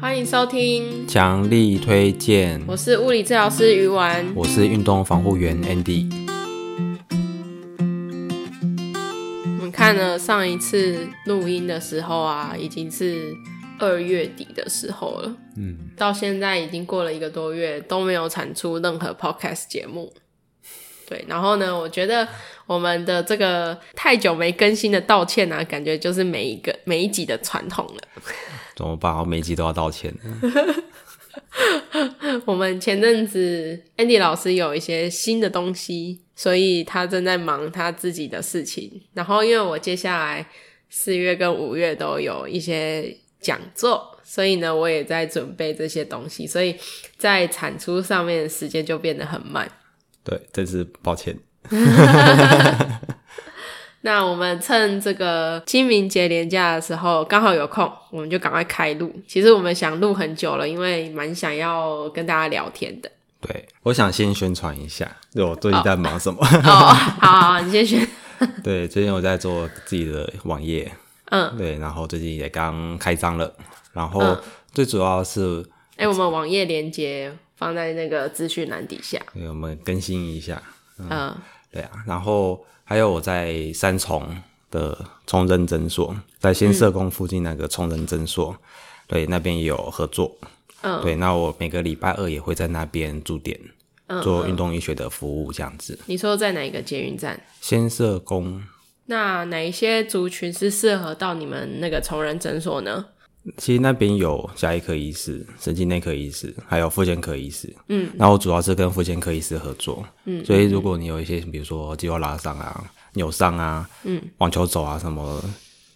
歡迎收聽，強力推薦。我是物理治療師魚丸，我是運動防護員 Andy。我們看了上一次錄音的時候啊，已經是二月底的時候了。嗯，到現在已經過了一個多月，都沒有產出任何 Podcast 節目。對，然後呢，我覺得我們的這個太久沒更新的道歉啊，感覺就是每一個每一集的傳統了。怎麼辦啊？我每一集都要道歉。 我們前陣子 Andy 老師有一些新的東西，所以他正在忙他自己的事情。然後，因為我接下來四月跟五月都有一些講座，所以呢，我也在準備這些東西，所以在產出上面的時間就變得很慢。對，真是抱歉。 那我們趁這個清明節連假的時候，剛好有空，我們就趕快開錄。其實我們想錄很久了，因為蠻想要跟大家聊天的。對，我想先宣傳一下，我最近在忙什麼。Oh. Oh. 好好，你先宣。對，最近我在做自己的網頁。嗯，對，然後最近也剛開張了，然後最主要是，嗯，欸，我們網頁連結放在那個資訊欄底下，對，我們更新一下。嗯，嗯對啊，然後。還有我在三重的重仁診所，在先嗇宮附近那個重仁診所。嗯、對那邊也有合作。嗯、對，那我每個禮拜二也會在那邊駐點做運動醫學的服務，這樣子。你說在哪一個捷運站？先嗇宮。那哪一些族群是適合到你們那個重仁診所呢？其實那邊有家醫科醫師、神經內科醫師，還有復健科醫師。嗯，那我主要是跟復健科醫師合作。嗯，所以如果你有一些、嗯、比如說肌肉拉傷啊、扭傷啊、嗯、網球肘啊什麼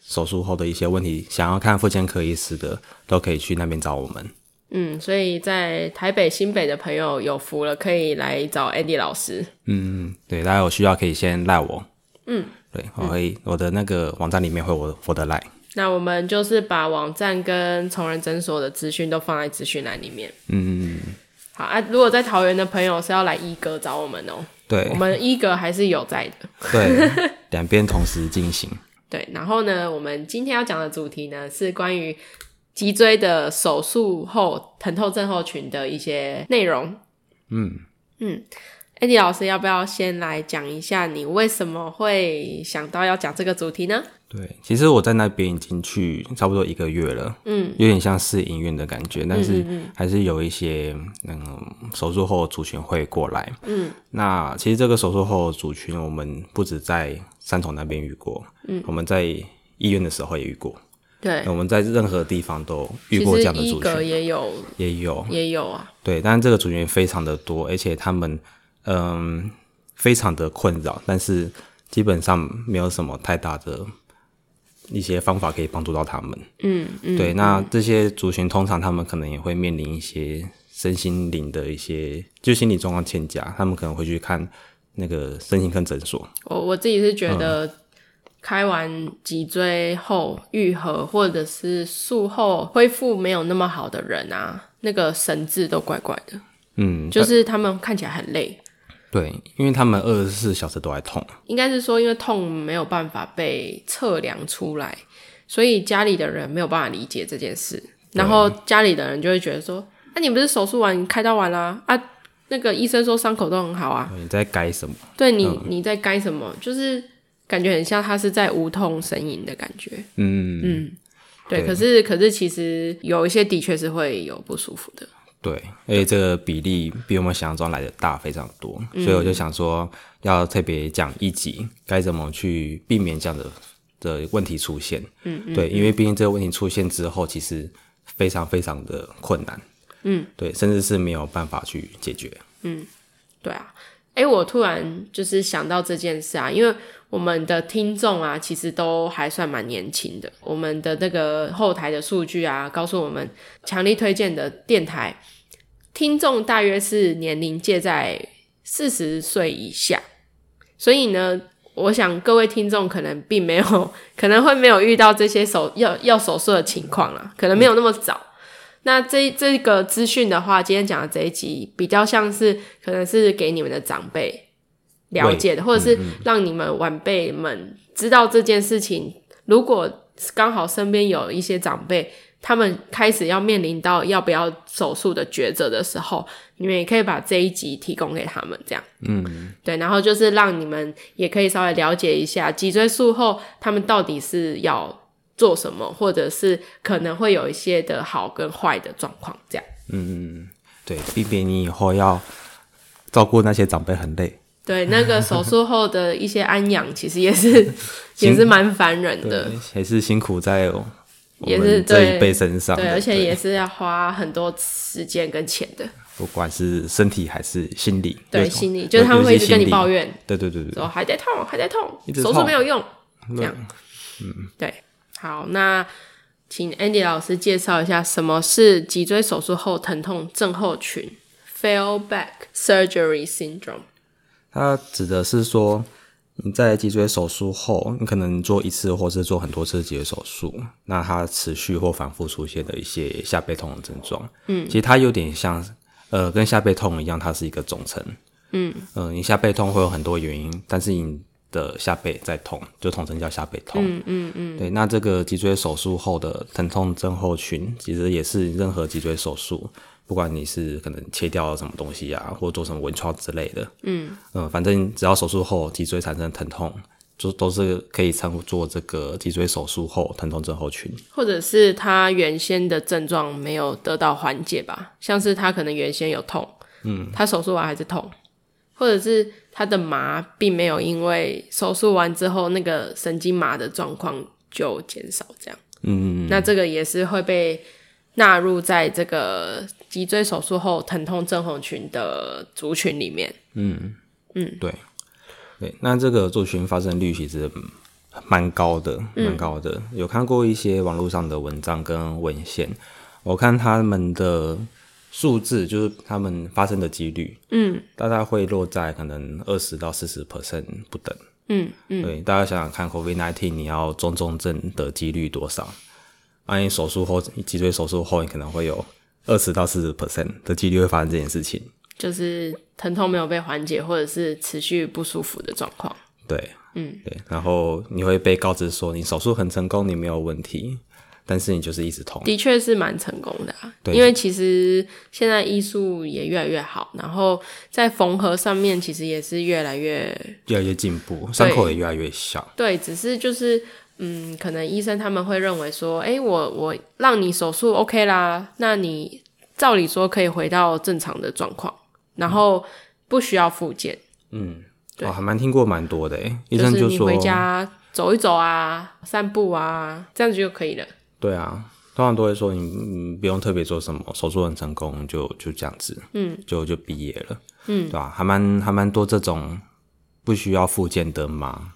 手術後的一些問題，想要看復健科醫師的，都可以去那邊找我們。嗯，所以在台北新北的朋友有福了，可以來找 Andy 老師。嗯，對，大家有需要可以先賴我。嗯，對，嗯、我會我的那個網站裡面會有我，我的賴。那我們就是把網站跟重仁診所的資訊都放在資訊欄裡面。嗯嗯嗯。好啊，如果在桃園的朋友是要來一格找我們哦、喔。對。我們一格還是有在的。對，兩邊同時進行。 對，然後呢，我們今天要講的主題呢，是關於脊椎的手術後疼痛症候群的一些內容。嗯。嗯，Andy、欸、老師要不要先來講一下，你為什麼會想到要講這個主題呢？對，其實我在那邊已經去差不多一個月了，嗯，有點像試營運的感覺，但是還是有一些那、嗯嗯嗯嗯、手術後的族群會過來，嗯，那其實這個手術後的族群我們不止在三重那邊遇過，嗯，我們在醫院的時候也遇過，對、嗯，我們在任何地方都遇過這樣的族群個，也有，也有，也有啊，對，當然這個族群非常的多，而且他們嗯非常的困擾，但是基本上沒有什麼太大的。一些方法可以幫助到他們，嗯嗯，嗯對。那這些族群通常他們可能也會面臨一些身心靈的一些就心理狀況欠佳，他們可能會去看那個身心科診所。我我自己是覺得，嗯、開完脊椎後愈合或者是術後恢復沒有那麼好的人啊，那個神智都怪怪的，嗯，就是他們看起來很累。對，因為他們二十四小時都在痛，應該是說因為痛沒有辦法被測量出來，所以家裡的人沒有辦法理解這件事，對然後家裡的人就會覺得說，那、啊、你不是手術完開刀完啦、啊？啊？那個醫生說傷口都很好啊，你在該什麼？對你，你在該什麼？嗯、就是感覺很像他是在無痛呻吟的感覺，嗯嗯，對。對可是，可是其實有一些的確是會有不舒服的。對，而、欸、且這個比例比我們想象中來的大非常多，所以我就想說要特別講一集，該、嗯、怎麼去避免這樣的的問題出現。嗯，對，因為畢竟這個問題出現之後，其實非常非常的困難。嗯，對，甚至是沒有辦法去解決。嗯，對啊，哎、欸，我突然就是想到這件事啊，因為我們的聽眾啊，其實都還算蠻年輕的，我們的那個後台的數據啊，告訴我們強力推薦的電台。聽眾大約是年齡介在四十歲以下，所以呢，我想各位聽眾可能並沒有，可能會沒有遇到這些手要要手術的情況啦，可能沒有那麼早。嗯、那這這個資訊的話，今天講的這一集比較像是，可能是給你們的長輩了解的，嗯、或者是讓你們晚輩們知道這件事情。如果剛好身邊有一些長輩，他們開始要面臨到要不要手術的抉擇的時候，你們也可以把這一集提供給他們，這樣，嗯，對，然後就是讓你們也可以稍微了解一下脊椎術後他們到底是要做什麼，或者是可能會有一些的好跟壞的狀況，這樣，嗯嗯對，避免你以後要照顧那些長輩很累，對，那個手術後的一些安養，其實也是也是蠻煩人的，還是辛苦在哦。也是對這一輩身上，對，而且也是要花很多時間跟錢的。對對不管是身體還是心理，對心理，就是他們會一直跟你抱怨，對對對對，說還在痛，還在痛，痛手術沒有用，對這樣，嗯，對，好，那請 Andy 老師介紹一下什麼是脊椎手術後疼痛症候群 Failed Back Surgery Syndrome）。它指的是說。你在脊椎手術後，你可能做一次，或是做很多次脊椎手術，那它持續或反覆出現的一些下背痛的症狀，嗯、其實它有點像，呃，跟下背痛一樣，它是一個總稱，嗯、呃、你下背痛會有很多原因，但是你的下背在痛，就統稱叫下背痛，嗯嗯嗯，嗯嗯對，那這個脊椎手術後的疼痛症候群，其實也是任何脊椎手術。不管你是可能切掉了什麼東西啊，或者做什麼微創之類的，嗯嗯、呃，反正只要手術後脊椎產生疼痛，就都是可以稱做這個脊椎手術後疼痛症候群，或者是他原先的症狀沒有得到緩解吧，像是他可能原先有痛，嗯，他手術完還是痛，或者是他的麻並沒有因為手術完之後那個神經麻的狀況就減少這樣，嗯，嗯嗯，那這個也是會被納入在這個。脊椎手術後疼痛症候群的族群裡面，嗯嗯，對、嗯、對，那這個族群發生率其實蠻高的，蠻高的。嗯、有看過一些網絡上的文章跟文獻，我看他們的數字，就是他們發生的幾率，嗯，大概會落在可能二十到四十 percent 不等，嗯嗯，對，大家想想看，COVID nineteen 你要中重,重症的幾率多少？萬一手術後，脊椎手術後，你可能會有。二十到四十 percent 的幾率會發生這件事情，就是疼痛沒有被緩解，或者是持續不舒服的狀況。對，嗯，對。然後你會被告知說你手術很成功，你沒有問題，但是你就是一直痛。的確是蠻成功的啊，對因為其實現在醫術也越來越好，然後在縫合上面其實也是越來越越來越進步，傷對口也越來越小。對，對，只是就是。嗯，可能醫生他們會認為說，哎、欸，我我讓你手術 OK 啦，那你照理說可以回到正常的狀況，然後不需要復健。嗯，哇對、哦，還蠻聽過蠻多的誒，醫生就說，就是你回家走一走啊，散步啊，這樣子就可以了。對啊，通常都會說你不用特別做什麼，手術很成功就，就就這樣子，嗯，就就畢業了，嗯，對啊，還蠻還蠻多這種不需要復健的嘛。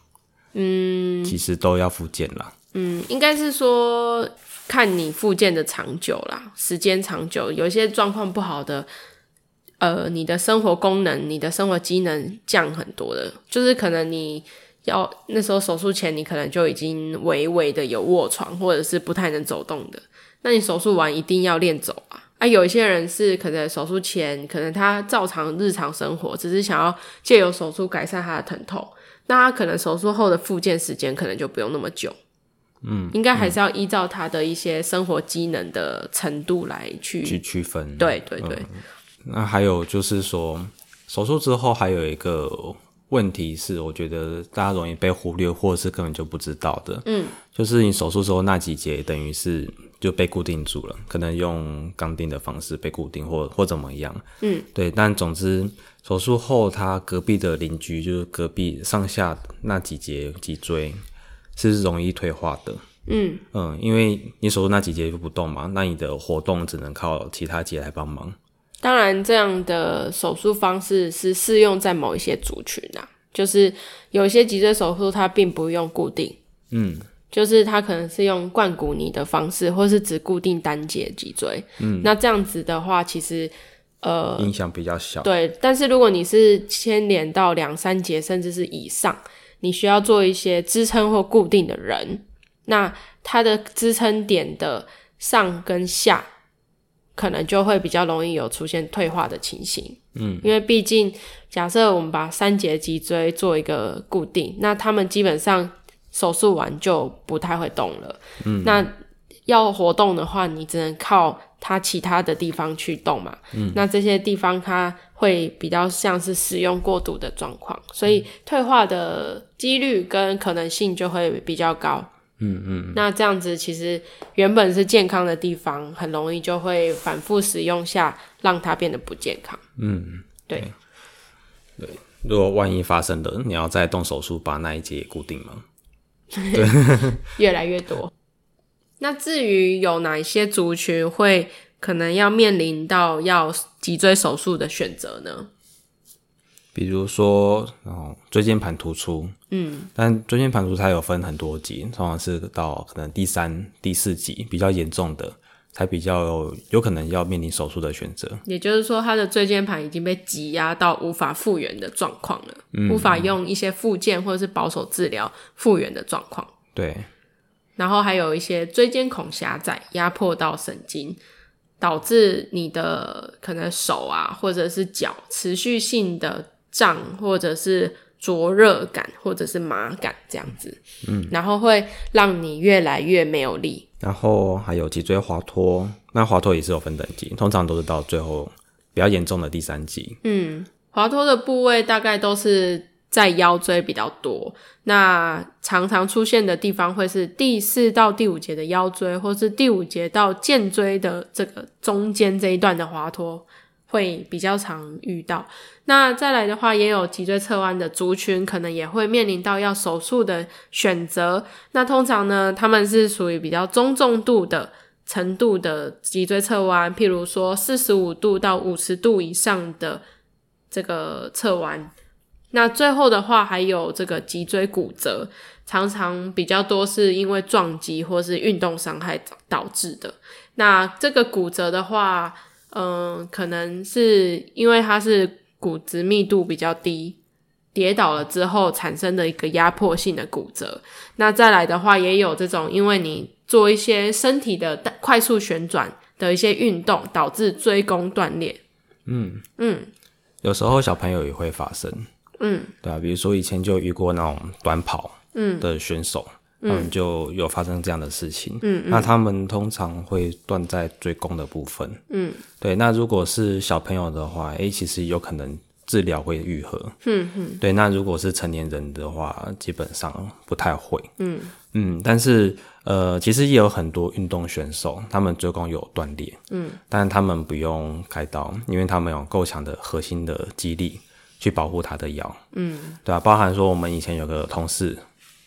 嗯，其實都要復健啦。嗯，應該是說看你復健的長久啦，時間長久，有一些狀況不好的，呃，你的生活功能、你的生活機能降很多的，就是可能你要那時候手術前，你可能就已經微微的有臥床或者是不太能走動的。那你手術完一定要練走啊！啊，有一些人是可能手術前，可能他照常日常生活，只是想要借由手術改善他的疼痛。那他可能手術後的復健時間可能就不用那麼久，嗯，應該還是要依照他的一些生活機能的程度來去去區分，對對對、嗯。那還有就是說，手術之後還有一個。問題是，我覺得大家容易被忽略，或者是根本就不知道的。嗯，就是你手術之後那幾節，等於是就被固定住了，可能用鋼釘的方式被固定或，或或怎麼樣。嗯，對。但總之，手術後，他隔壁的鄰居就是隔壁上下那幾節脊椎是容易退化的。嗯嗯，因為你手術那幾節就不動嘛，那你的活動只能靠其他節來幫忙。當然，這樣的手術方式是適用在某一些族群啊，就是有些脊椎手術它並不用固定，嗯，就是它可能是用灌骨泥的方式，或是只固定單節脊椎，嗯，那這樣子的話，其實呃影響比較小，對。但是如果你是牽連到兩三節甚至是以上，你需要做一些支撐或固定的人，那它的支撐點的上跟下。可能就會比較容易有出現退化的情形，嗯，因為畢竟假設我們把三節脊椎做一個固定，那他們基本上手術完就不太會動了，嗯，那要活動的話，你只能靠他其他的地方去動嘛，嗯，那這些地方他會比較像是使用過度的狀況，所以退化的幾率跟可能性就會比較高。嗯嗯，嗯，那這樣子其實原本是健康的地方，很容易就會反覆使用下，讓它變得不健康。嗯，對。對，如果萬一發生了，你要再動手術把那一節也固定嗎？對 越來越多。 那至於有哪一些族群會可能要面臨到要脊椎手術的選擇呢？比如說，哦，椎間盤突出，嗯，但椎間盤突出它有分很多級，通常是到可能第三、第四級比較嚴重的，才比較有，有可能要面臨手術的選擇。也就是說，它的椎間盤已經被擠壓到無法復原的狀況了，嗯，無法用一些復健或者是保守治療復原的狀況。對。然後還有一些椎間孔狹窄壓迫到神經，導致你的可能手啊或者是腳持續性的。脹，或者是灼熱感，或者是麻感，這樣子，嗯，然後會讓你越來越沒有力。然後還有脊椎滑脫，那滑脫也是有分等級，通常都是到最後比較嚴重的第三級。嗯，滑脫的部位大概都是在腰椎比較多，那常常出現的地方會是第四到第五節的腰椎，或是第五節到薦椎的這個中間這一段的滑脫。會比較常遇到。那再來的話，也有脊椎側彎的族群，可能也會面臨到要手術的選擇。那通常呢，他們是屬於比較中重度的程度的脊椎側彎，譬如說四十五度到五十度以上的這個側彎。那最後的話，還有這個脊椎骨折，常常比較多是因為撞擊或是運動傷害導致的。那這個骨折的話，嗯、呃，可能是因為它是骨質密度比較低，跌倒了之後產生的一個壓迫性的骨折。那再來的話，也有這種因為你做一些身體的快速旋轉的一些運動，導致椎弓斷裂。嗯嗯，嗯有時候小朋友也會發生。嗯，對吧、啊？比如說以前就遇過那種短跑嗯的選手。嗯嗯，就有發生這樣的事情。嗯，嗯，那他們通常會斷在椎弓的部分。嗯，對。那如果是小朋友的話，哎、欸，其實有可能治療會癒合。嗯，嗯，對，那如果是成年人的話，基本上不太會。嗯嗯。但是呃，其實也有很多運動選手，他們椎弓有斷裂。嗯。但他們不用開刀，因為他們有夠強的核心的肌力去保護他的腰。嗯。對啊，包含說我們以前有個同事。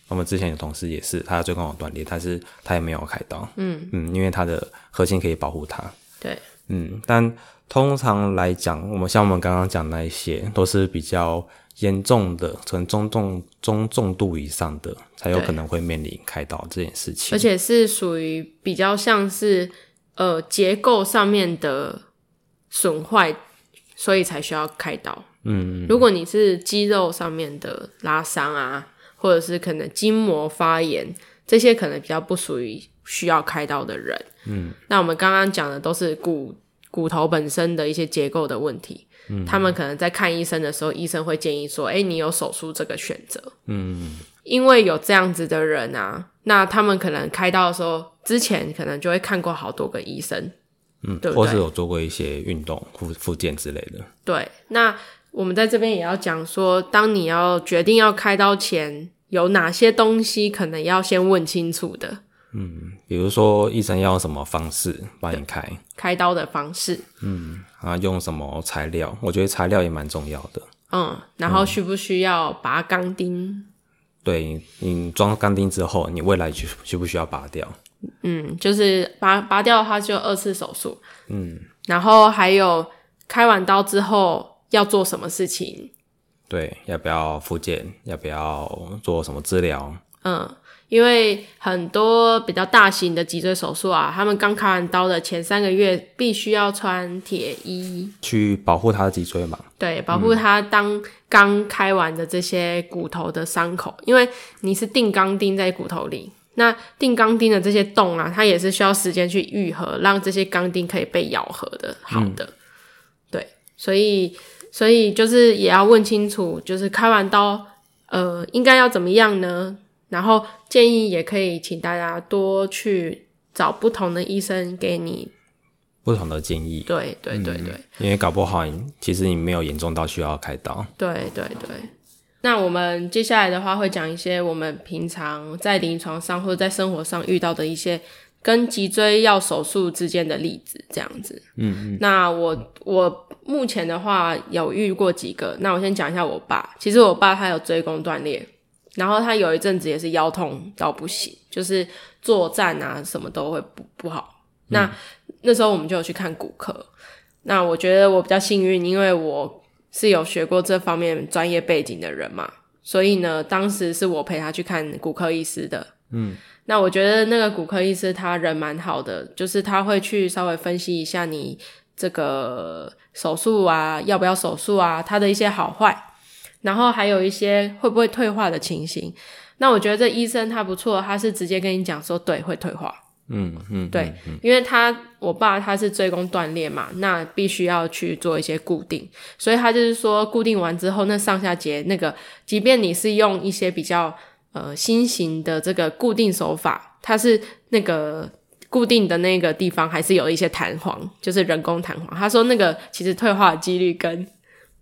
我們之前有同事也是，他最近有斷裂，但是他也沒有開刀。嗯嗯，因為他的核心可以保護他。對。嗯，但通常來講，我們像我們剛剛講那一些，都是比較嚴重的，從中重、中重度以上的，才有可能會面臨開刀這件事情。而且是屬於比較像是呃結構上面的損壞，所以才需要開刀。嗯，如果你是肌肉上面的拉傷啊。或者是可能筋膜發炎，這些可能比較不屬於需要開刀的人。嗯，那我們剛剛講的都是骨骨頭本身的一些結構的問題。嗯，他們可能在看醫生的時候，醫生會建議說：“哎、欸，你有手術這個選擇。”嗯，因為有這樣子的人啊，那他們可能開刀的時候之前可能就會看過好多個醫生。嗯，對，對，或是有做過一些運動復復健之類的。對，那。我們在這邊也要講說，當你要決定要開刀前，有哪些東西可能要先問清楚的。嗯，比如說醫生要用什麼方式幫你開？開刀的方式。嗯，啊，用什麼材料？我覺得材料也蠻重要的。嗯，然後需不需要拔鋼釘？嗯，對，你裝鋼釘之後，你未來需需不需要拔掉？嗯，就是拔拔掉的話，就二次手術。嗯，然後還有開完刀之後。要做什麼事情？對，要不要復健？要不要做什麼治療？嗯，因為很多比較大型的脊椎手術啊，他們剛開完刀的前三個月必須要穿鐵衣，去保護他的脊椎嘛。對，保護他當剛開完的這些骨頭的傷口，嗯、因為你是釘鋼釘在骨頭裡，那釘鋼釘的這些洞啊，它也是需要時間去愈合，讓這些鋼釘可以被咬合的。好的，嗯、對，所以。所以就是也要問清楚，就是開完刀，呃，應該要怎麼樣呢？然後建議也可以請大家多去找不同的醫生給你不同的建議。對對對對，嗯，因為搞不好其實你沒有嚴重到需要開刀。對對對，那我們接下來的話會講一些我們平常在臨床上或者在生活上遇到的一些。跟脊椎要手術之間的例子，這樣子。嗯，嗯，那我我目前的話有遇過幾個。那我先講一下我爸。其實我爸他有椎弓斷裂，然後他有一陣子也是腰痛到不行，就是坐站啊什麼都會不不好。那、嗯、那時候我們就有去看骨科。那我覺得我比較幸運，因為我是有學過這方面專業背景的人嘛，所以呢，當時是我陪他去看骨科醫師的。嗯，那我覺得那個骨科醫師他人蠻好的，就是他會去稍微分析一下你這個手術啊，要不要手術啊，他的一些好壞，然後還有一些會不會退化的情形。那我覺得這醫生他不錯，他是直接跟你講說，對，會退化。嗯嗯，嗯對，嗯嗯嗯、因為他我爸他是椎弓斷裂嘛，那必須要去做一些固定，所以他就是說固定完之後，那上下節那個，即便你是用一些比較。呃，新型的這個固定手法，它是那個固定的那個地方還是有一些彈簧，就是人工彈簧。他說那個其實退化的幾率跟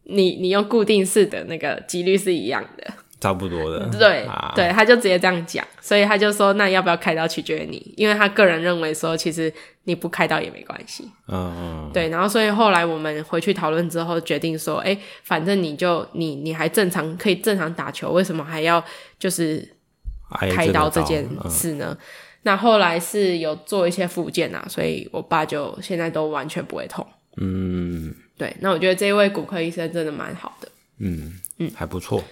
你你用固定式的那個幾率是一樣的。差不多的，對、啊、對，他就直接這樣講，所以他就說，那要不要開刀取決於你，因為他個人認為說，其實你不開刀也沒關係，嗯對。然後，所以後來我們回去討論之後，決定說，哎、欸，反正你就你你還正常可以正常打球，為什麼還要就是開刀這件事呢？嗯、那後來是有做一些復健啊，所以我爸就現在都完全不會痛。嗯，對。那我覺得這一位骨科醫生真的蠻好的，嗯嗯，還不錯。嗯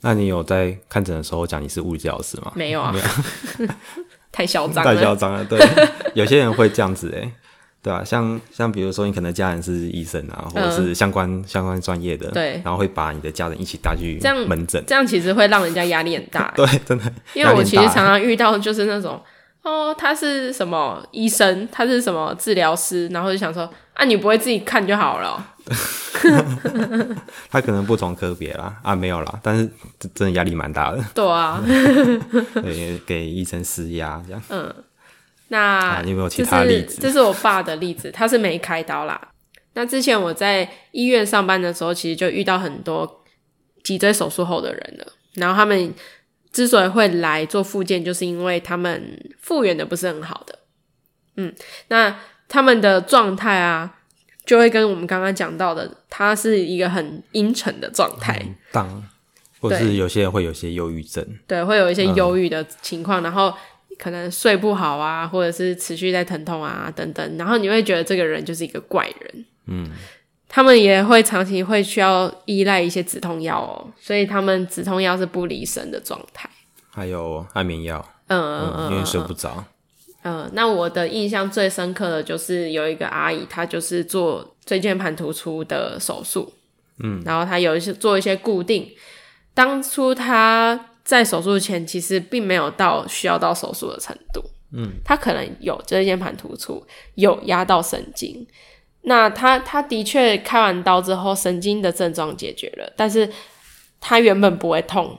那你有在看診的時候講，你是物理治療師嗎？沒有啊， 太囂張，太囂張了。對，有些人會這樣子哎、欸，對啊，像像比如說你可能家人是醫生啊，嗯、或者是相關相關專業的，對，然後會把你的家人一起帶去這樣門診，這樣其實會讓人家壓力很大、欸。對，真的，因為我其實常常遇到就是那種。哦，他是什麼醫生？他是什麼治療師？然後就想說，啊，你不會自己看就好了。 他可能不同科別啦，啊，沒有啦，但是真的壓力蠻大的。對啊，給 給醫生施壓這樣。嗯，那、啊、你有沒有其他例子？這是，這是我爸的例子，他是沒開刀啦。 那之前我在醫院上班的時候，其實就遇到很多脊椎手術後的人了，然後他們。之所以會來做復健，就是因為他們復原的不是很好的。嗯，那他們的狀態啊，就會跟我們剛剛講到的，他是一個很陰沉的狀態，嗯，當，或是有些人會有些憂鬱症，對，嗯、對，會有一些憂鬱的情況，然後可能睡不好啊，或者是持續在疼痛啊等等，然後你會覺得這個人就是一個怪人，嗯。他們也會長期會需要依賴一些止痛藥哦，所以他們止痛藥是不離身的狀態。還有安眠藥，嗯嗯，嗯，因為睡不着。嗯，那我的印象最深刻的就是有一個阿姨，她就是做椎間盤突出的手術，嗯，然後她有一些做一些固定。當初她在手術前其實並沒有到需要到手術的程度，嗯，她可能有椎間盤突出，有壓到神經。那他他的確開完刀之後神經的症狀解決了，但是他原本不會痛，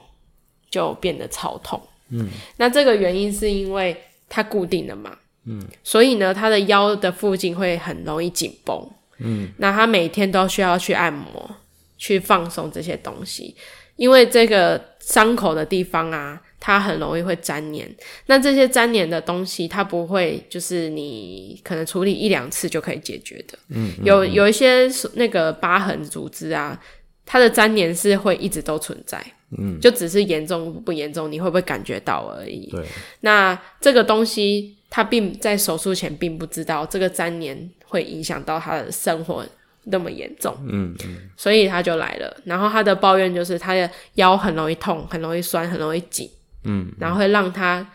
就變得超痛。嗯，那這個原因是因為他固定了嘛。嗯，所以呢，他的腰的附近會很容易緊繃。嗯，那他每天都需要去按摩去放鬆這些東西，因為這個傷口的地方啊。它很容易會粘黏，那這些粘黏的東西，它不會就是你可能處理一兩次就可以解決的。嗯，嗯嗯，有有一些那個疤痕組織啊，它的粘黏是會一直都存在。嗯，就只是嚴重不嚴重，你會不會感覺到而已？對。那這個東西，他並在手術前並不知道這個粘黏會影響到他的生活那麼嚴重。嗯嗯。嗯，所以他就來了，然後他的抱怨就是他的腰很容易痛，很容易酸，很容易緊。嗯，然後會讓他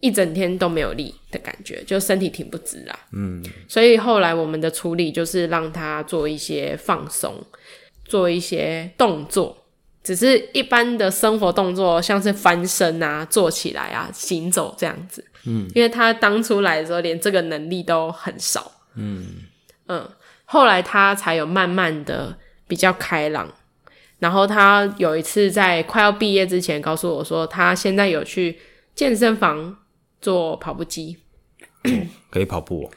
一整天都沒有力的感覺，就身體挺不直啊。嗯，所以後來我們的處理就是讓他做一些放鬆，做一些動作，只是一般的生活動作，像是翻身啊、坐起來啊、行走這樣子。嗯，因為他當初來的時候，連這個能力都很少。嗯嗯，後來他才有慢慢的比較開朗。然後他有一次在快要畢業之前，告訴我說，他現在有去健身房做跑步機， 可以跑步，哦。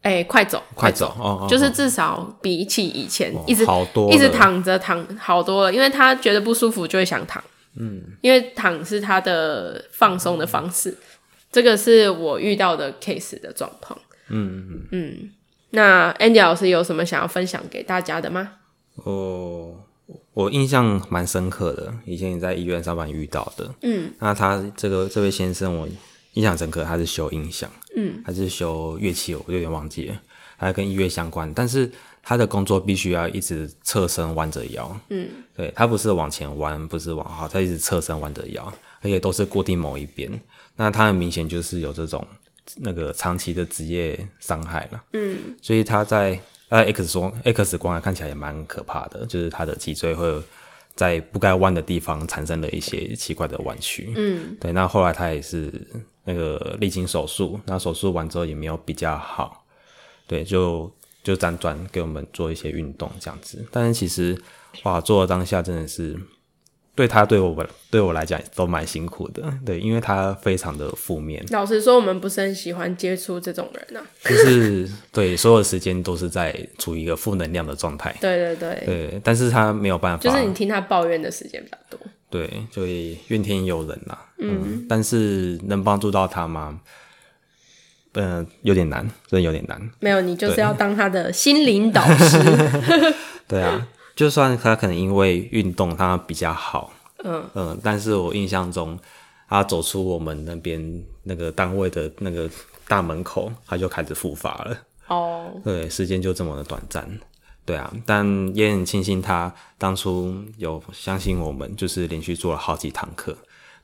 哎、欸，快走，快走！就是至少比起以前，哦、一直一直躺着躺好多了。因為他覺得不舒服，就會想躺。嗯，因為躺是他的放鬆的方式。哦、這個是我遇到的 case 的狀況。嗯嗯。那 Andy 老師有什麼想要分享給大家的嗎？哦。我印象蠻深刻的，以前你在醫院上班遇到的，嗯，那他這個這位先生，我印象深刻，他是修音響，嗯，還是修樂器，我有點忘記了，他還跟音樂相關，但是他的工作必須要一直側身彎着腰，嗯，對他不是往前彎，不是往後，他一直側身彎着腰，而且都是固定某一邊，那他很明顯就是有這種那個長期的職業傷害了，嗯，所以他在。那、呃、X, X 光，X 光看起來也蠻可怕的，就是他的脊椎會在不該彎的地方產生了一些奇怪的彎曲。嗯，對。那後來他也是那個歷經手術，那手術完之後也沒有比較好，對，就就輾轉給我們做一些運動這樣子。但是其實，哇，做的當下真的是。對他，對我，對我來講都蠻辛苦的。對，因為他非常的負面。老實說，我們不是很喜歡接觸這種人啊。就是對，所有的時間都是在處於一個負能量的狀態。 對對對對，但是他沒有辦法，就是你聽他抱怨的時間比較多。對，所以怨天尤人啦、啊。嗯，嗯，但是能幫助到他嗎？嗯、呃，有點難，真的有點難。 沒有，你就是要當他的心靈導師。 對啊。就算他可能因為運動他比較好，嗯嗯，但是我印象中，他走出我們那邊那個單位的那個大門口，他就開始復發了。哦，對，時間就這麼的短暫。對啊，但也很慶幸他當初有相信我們，就是連續做了好幾堂課。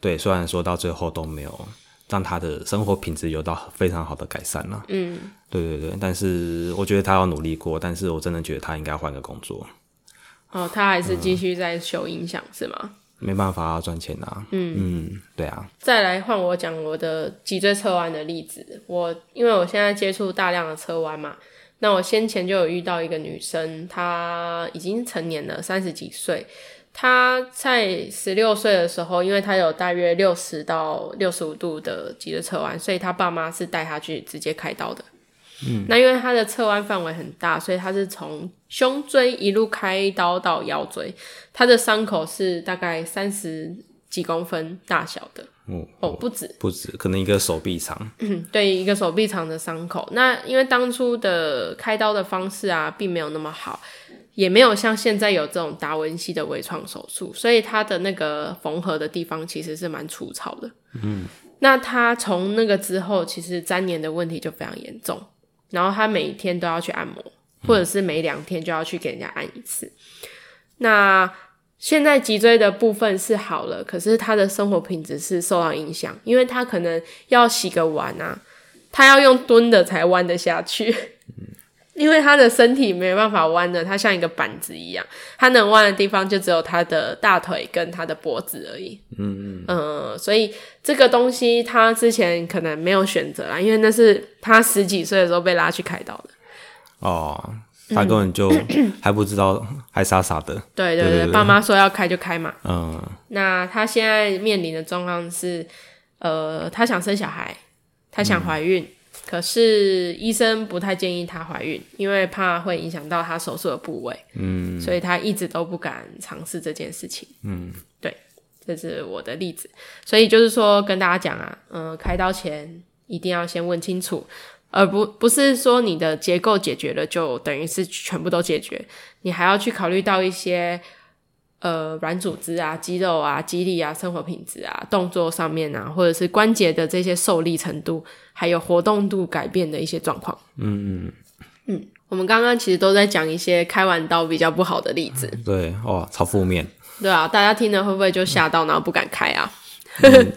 對，雖然說到最後都沒有讓他的生活品質有到非常好的改善了啊。嗯，對對對，但是我覺得他有努力過，但是我真的覺得他應該換個工作。哦，他還是繼續在修音響、嗯、是嗎？沒辦法啊，賺錢啊。嗯嗯，對啊。再來換我講我的脊椎側彎的例子，我因為我現在接觸大量的側彎嘛，那我先前就有遇到一個女生，她已經成年了，三十幾歲，她在十六歲的時候，因為她有大約六十到六十五度的脊椎側彎，所以她爸媽是帶她去直接開刀的。嗯，那因為她的側彎範圍很大，所以她是從胸椎一路開刀到腰椎，他的傷口是大概三十幾公分大小的。哦，哦，不止，不止，可能一個手臂長。嗯，對，一個手臂長的傷口。那因為當初的開刀的方式啊，並沒有那麼好，也沒有像現在有這種達文西的微創手術，所以他的那個縫合的地方其實是蠻粗糙的。嗯，那他從那個之後，其實沾黏的問題就非常嚴重，然後他每一天都要去按摩。或者是每兩天就要去給人家按一次。那現在脊椎的部分是好了，可是他的生活品質是受到影響，因為他可能要洗個碗啊，他要用蹲的才彎得下去。嗯。因為他的身體沒有辦法彎的，他像一個板子一樣，他能彎的地方就只有他的大腿跟他的脖子而已。嗯嗯。呃，所以這個東西他之前可能沒有選擇啦，因為那是他十幾歲的時候被拉去開刀的。哦，他根本就還不知道，還傻傻的。嗯、對，對對對，爸媽說要開就開嘛。嗯。那他現在面臨的狀況是，呃，他想生小孩，他想懷孕，嗯、可是醫生不太建議他懷孕，因為怕會影響到他手術的部位。嗯。所以他一直都不敢嘗試這件事情。嗯。對，這是我的例子。所以就是說，跟大家講啊，嗯、呃，開刀前一定要先問清楚。而不不是說你的結構解決了，就等於是全部都解決。你還要去考慮到一些呃軟組織啊、肌肉啊、肌力啊、生活品質啊、動作上面啊，或者是關節的這些受力程度，還有活動度改變的一些狀況。嗯嗯嗯，我們剛剛其實都在講一些開完刀比較不好的例子。對，哇，超負面。對啊，大家聽了會不會就嚇到，然後不敢開啊？嗯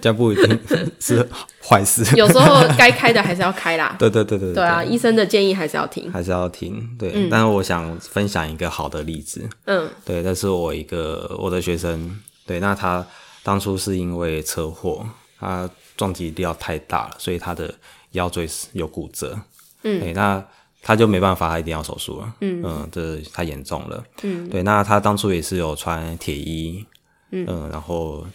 這不一定是壞事，有時候該開的還是要開啦。對對對對對啊！醫生的建議還是要聽，還是要聽。對，但是我想分享一個好的例子。嗯，對，這是我一個我的學生。對，那他當初是因為車禍，他撞擊力量太大了，所以他的腰椎有骨折。嗯，那他就沒辦法，他一定要手術了。嗯嗯，這太嚴重了。嗯，對，那他當初也是有穿鐵衣。嗯嗯，然後。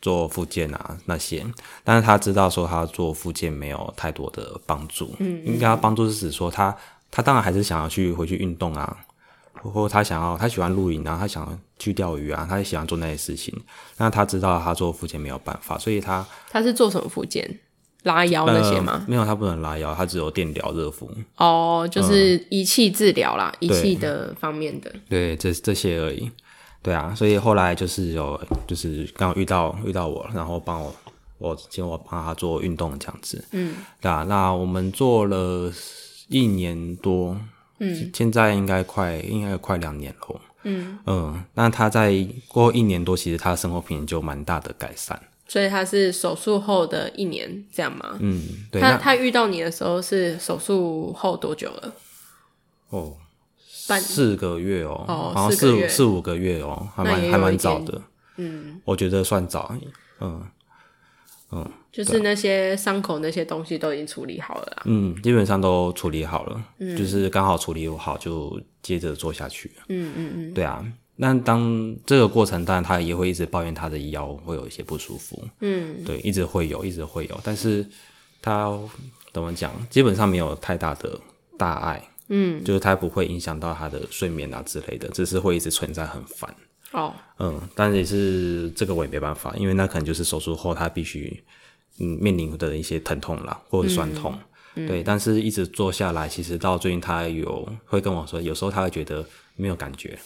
做復健啊那些，但是他知道說他做復健沒有太多的幫助。嗯，嗯，應該要幫助是指說他，他當然還是想要去回去運動啊，或他想要他喜歡露營，啊，他想去釣魚啊，他也喜歡做那些事情。那他知道他做復健沒有辦法，所以他他是做什麼復健？拉腰那些嗎？呃？沒有，他不能拉腰，他只有電療、熱敷。哦，就是儀器治療啦，嗯、儀器的方面的。對，這這些而已。對啊，所以後來就是有，就是剛剛遇到遇到我，然後幫我，我請我幫他做運動這樣子。嗯，對啊，那我們做了一年多，嗯，現在應該快，應該快兩年了哦。嗯嗯，那他在過後一年多，其實他的生活品質就蠻大的改善。所以他是手術後的一年這樣嗎？嗯，對，他那他遇到你的時候是手術後多久了？哦。四個月、喔、哦，好像四五四,四五個月哦、喔，還蠻還蠻早的，嗯，我覺得算早，嗯嗯，就是那些傷口那些東西都已經處理好了、啊，嗯，基本上都處理好了，嗯，就是剛好處理好就接着做下去，嗯嗯嗯，對啊，那當這個過程，當然他也會一直抱怨他的腰會有一些不舒服，嗯，對，一直會有，一直會有，但是他怎麼講，基本上沒有太大的大礙。嗯，就是他不會影響到他的睡眠啊之類的，只是會一直存在很煩。哦，嗯，但是也是這個我也沒辦法，因為那可能就是手術後他必須嗯面臨的一些疼痛啦，或者酸痛。嗯、對，嗯、但是一直做下來，其實到最近他有會跟我說，有時候他會覺得沒有感覺，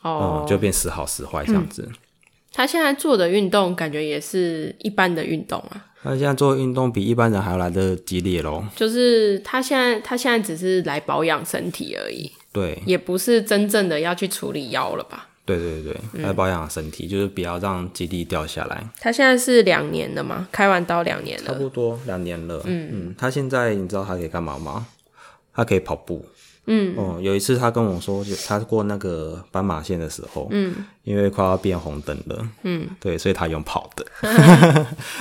哦、嗯，就變時好時壞這樣子。嗯他現在做的運動感覺也是一般的運動啊。他現在做運動比一般人還要來得激烈咯。就是他現在，他現在只是來保養身體而已。對，也不是真正的要去處理腰了吧？對對對，嗯、來保養身體，就是不要讓肌力掉下來。他現在是兩年了嘛？開完刀兩年了，差不多兩年了。嗯嗯，他現在你知道他可以幹嘛嗎？他可以跑步。嗯，嗯哦，有一次他跟我說，他過那個斑馬線的時候，嗯，因為快要變紅燈了，嗯，對，所以他用跑的，哈哈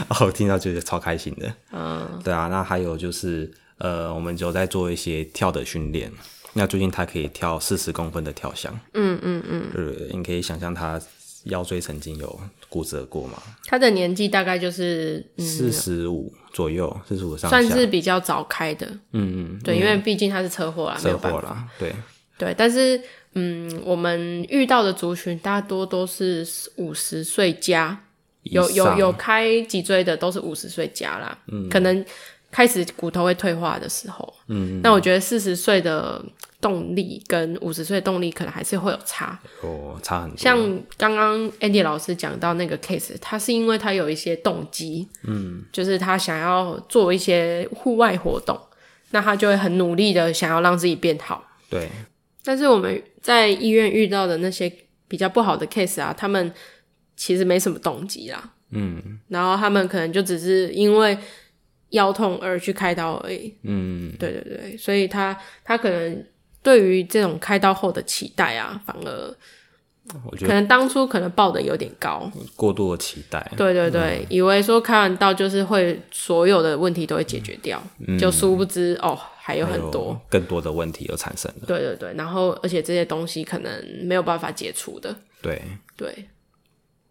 哈，我聽到覺得超開心的，嗯、哦，對啊，那還有就是，呃，我們就在做一些跳的訓練，那最近他可以跳四十公分的跳箱，嗯嗯嗯，對、呃，你可以想象他腰椎曾經有骨折過嘛？他的年紀大概就是四十五左右，四十五上，算是比較早開的。嗯嗯，對，嗯，因為畢竟他是車禍啦，車禍啦，啦，對對。但是，嗯，我們遇到的族群大多都是五十歲加，上有有有開脊椎的都是五十歲加啦，嗯，可能開始骨頭會退化的時候。嗯，那我覺得四十歲的動力跟五十歲動力可能還是會有差哦，差很多。像剛剛 Andy 老師講到那個 case，他是因為他有一些動機，嗯，就是他想要做一些戶外活動，那他就會很努力的想要讓自己變好。對，但是我們在醫院遇到的那些比較不好的 case 啊，他們其實沒什麼動機啦，嗯，然後他們可能就只是因為。腰痛而去開刀而已。嗯，對對對，所以他他可能對於這種開刀後的期待啊，反而可能當初可能抱的有點高，過度的期待。對對對，嗯、以為說開完刀就是會所有的問題都會解決掉，嗯、就殊不知哦，還有很多有更多的問題又產生了。對對對，然後而且這些東西可能沒有辦法解除的。對對，對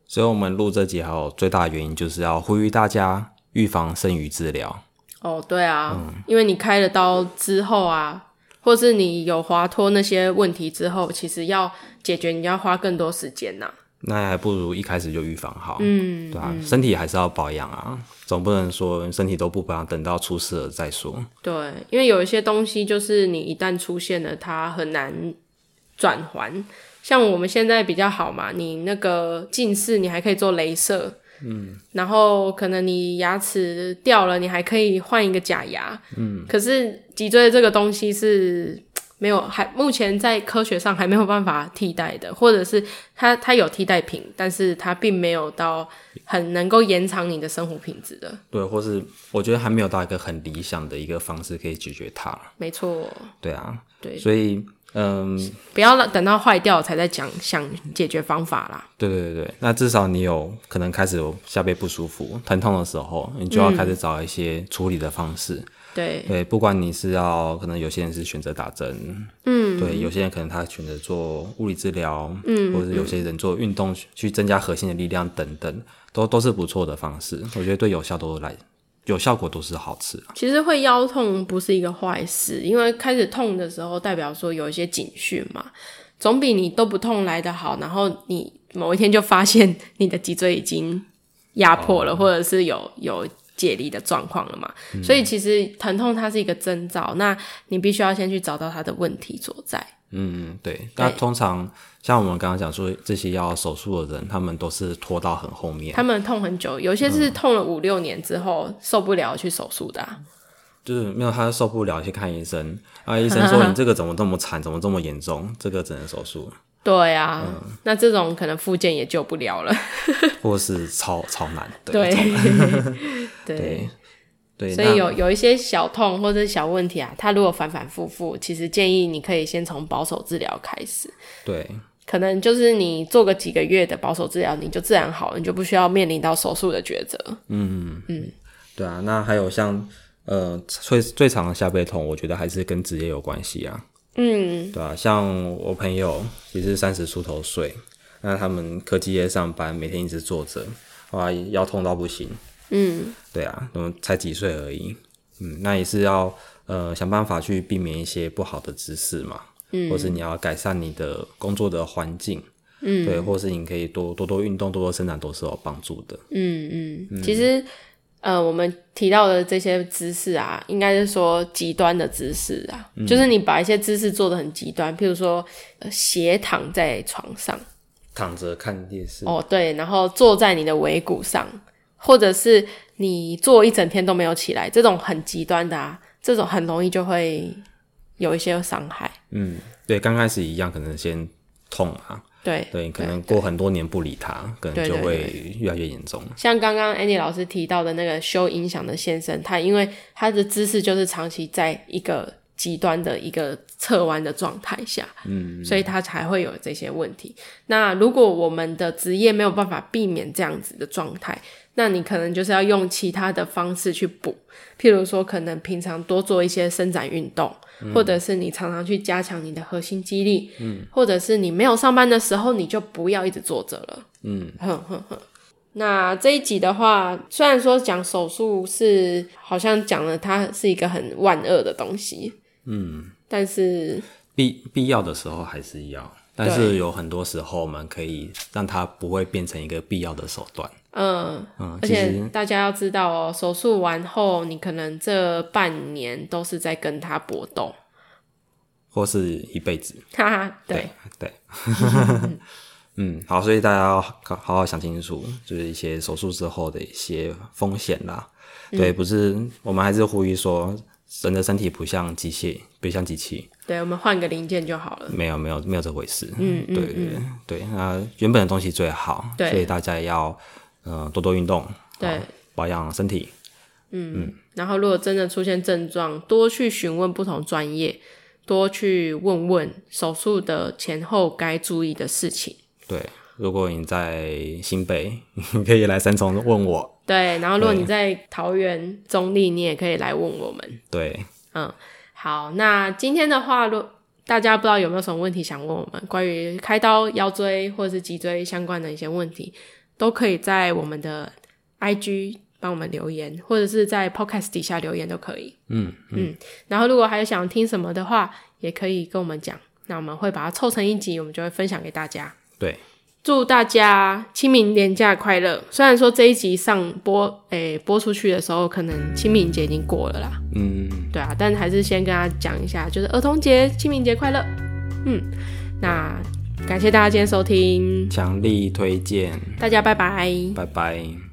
所以我們錄這集還有最大的原因就是要呼籲大家，預防勝於治療。哦，對啊，嗯、因為你開了刀之後啊，或是你有滑脫那些問題之後，其實要解決，你要花更多時間吶、啊。那還不如一開始就預防好，嗯，對啊，嗯、身體還是要保養啊，總不能說身體都不保養，等到出事了再說。對，因為有一些東西就是你一旦出現了它，它很難轉圜。像我們現在比較好嘛，你那個近視，你還可以做雷射。嗯，然後可能你牙齒掉了，你還可以換一個假牙。嗯，可是脊椎的這個東西是沒有，還目前在科學上還沒有辦法替代的，或者是它它有替代品，但是它並沒有到很能夠延長你的生活品質的。對，或是我覺得還沒有到一個很理想的一個方式可以解決它。沒錯。對啊。對。所以。嗯，不要等到壞掉才在講想解決方法啦。對對對對，那至少你有可能開始有下背不舒服、疼痛的時候，你就要開始找一些處理的方式。對、嗯、對，不管你是要可能有些人是選擇打針，嗯，對，有些人可能他選擇做物理治療，嗯，或者有些人做運動去增加核心的力量等等，都都是不錯的方式。我覺得對有效都來。有效果都是好事。其實會腰痛不是一個壞事，因為開始痛的時候代表說有一些警訊嘛，總比你都不痛來得好。然後你某一天就發現你的脊椎已經壓迫了，哦、或者是有有解離的狀況了嘛。嗯、所以其實疼痛它是一個徵兆，那你必須要先去找到它的問題所在。嗯嗯對，那通常對像我們剛剛講說，這些要手術的人，他們都是拖到很後面，他們痛很久，有些是痛了五六年之後、嗯、受不了去手術的、啊，就是沒有他受不了去看醫生，啊醫生說呵呵呵你這個怎麼這麼慘，怎麼這麼嚴重，這個只能手術，對啊，嗯、那這種可能復健也救不了了， 或是超超難的，對對。超難 對所以有有一些小痛或者小問題啊，他如果反反复复，其實建議你可以先從保守治療開始。對，可能就是你做個幾個月的保守治療，你就自然好，你就不需要面臨到手術的抉擇。嗯嗯，嗯對啊。那還有像呃最最長的下背痛，我覺得還是跟職業有關係啊。嗯，對啊。像我朋友也是三十出頭歲，那他們科技業上班，每天一直坐着，哇，腰痛到不行。嗯，對啊，才幾歲而已，嗯，那也是要呃想辦法去避免一些不好的姿勢嘛，嗯，或是你要改善你的工作的環境，嗯，對，或是你可以多多多運動，多多伸展都是有幫助的，嗯嗯，其實、嗯、呃我們提到的這些姿勢啊，應該是說極端的姿勢啊，嗯、就是你把一些姿勢做的很極端，譬如說、呃、斜躺在床上，躺着看電視，哦對，然後坐在你的尾骨上。或者是你坐一整天都沒有起來，這種很極端的啊，這種很容易就會有一些傷害。嗯，對，剛開始一樣，可能先痛啊。對對，對對可能過很多年不理他，對可能就會越來越嚴重。對對對像剛剛 Andy 老師提到的那個修音響的先生，他因為他的姿勢就是長期在一個極端的一個側彎的狀態下，嗯，所以他才會有這些問題。那如果我們的職業沒有辦法避免這樣子的狀態，那你可能就是要用其他的方式去補，譬如說，可能平常多做一些伸展運動，嗯、或者是你常常去加強你的核心肌力，嗯，或者是你沒有上班的時候，你就不要一直坐着了，嗯，哼哼哼。那這一集的話，雖然說講手術是好像講了它是一個很萬惡的東西，嗯，但是必必要的時候還是要，對但是有很多時候我們可以讓它不會變成一個必要的手段。嗯，嗯，而且大家要知道哦，實手術完後，你可能這半年都是在跟他搏鬥，或是一輩子。哈 對，哈，對對， 嗯，好，所以大家要好，好好想清楚，就是一些手術之後的一些風險啦。嗯、對，不是，我們還是呼籲說，人的身體不像機械，不像機器。對，我們換個零件就好了。沒有沒有沒有這回事。嗯嗯，嗯對對對，那原本的東西最好。對，所以大家也要。嗯、呃，多多運動，對，保養身體。嗯嗯，嗯然後如果真的出現症狀，多去詢問不同專業，多去問問手術的前後該注意的事情。對，如果你在新北，你可以來三重問我。對，然後如果你在桃園中壢，對你也可以來問我們。對，嗯，好，那今天的話，如果大家不知道有沒有什麼問題想問我們，關於開刀腰椎或是脊椎相關的一些問題。都可以在我們的 IG 幫我們留言，或者是在 Podcast 底下留言都可以。嗯嗯,嗯，然後如果還有想聽什麼的話，也可以跟我們講，那我們會把它湊成一集，我們就會分享給大家。對，祝大家清明連假快樂！雖然說這一集上播，哎、欸，播出去的時候可能清明節已經過了啦。嗯，對啊，但還是先跟他講一下，就是兒童節、清明節快樂。嗯，那。感謝大家今天收聽，強力推薦，大家拜拜，拜拜。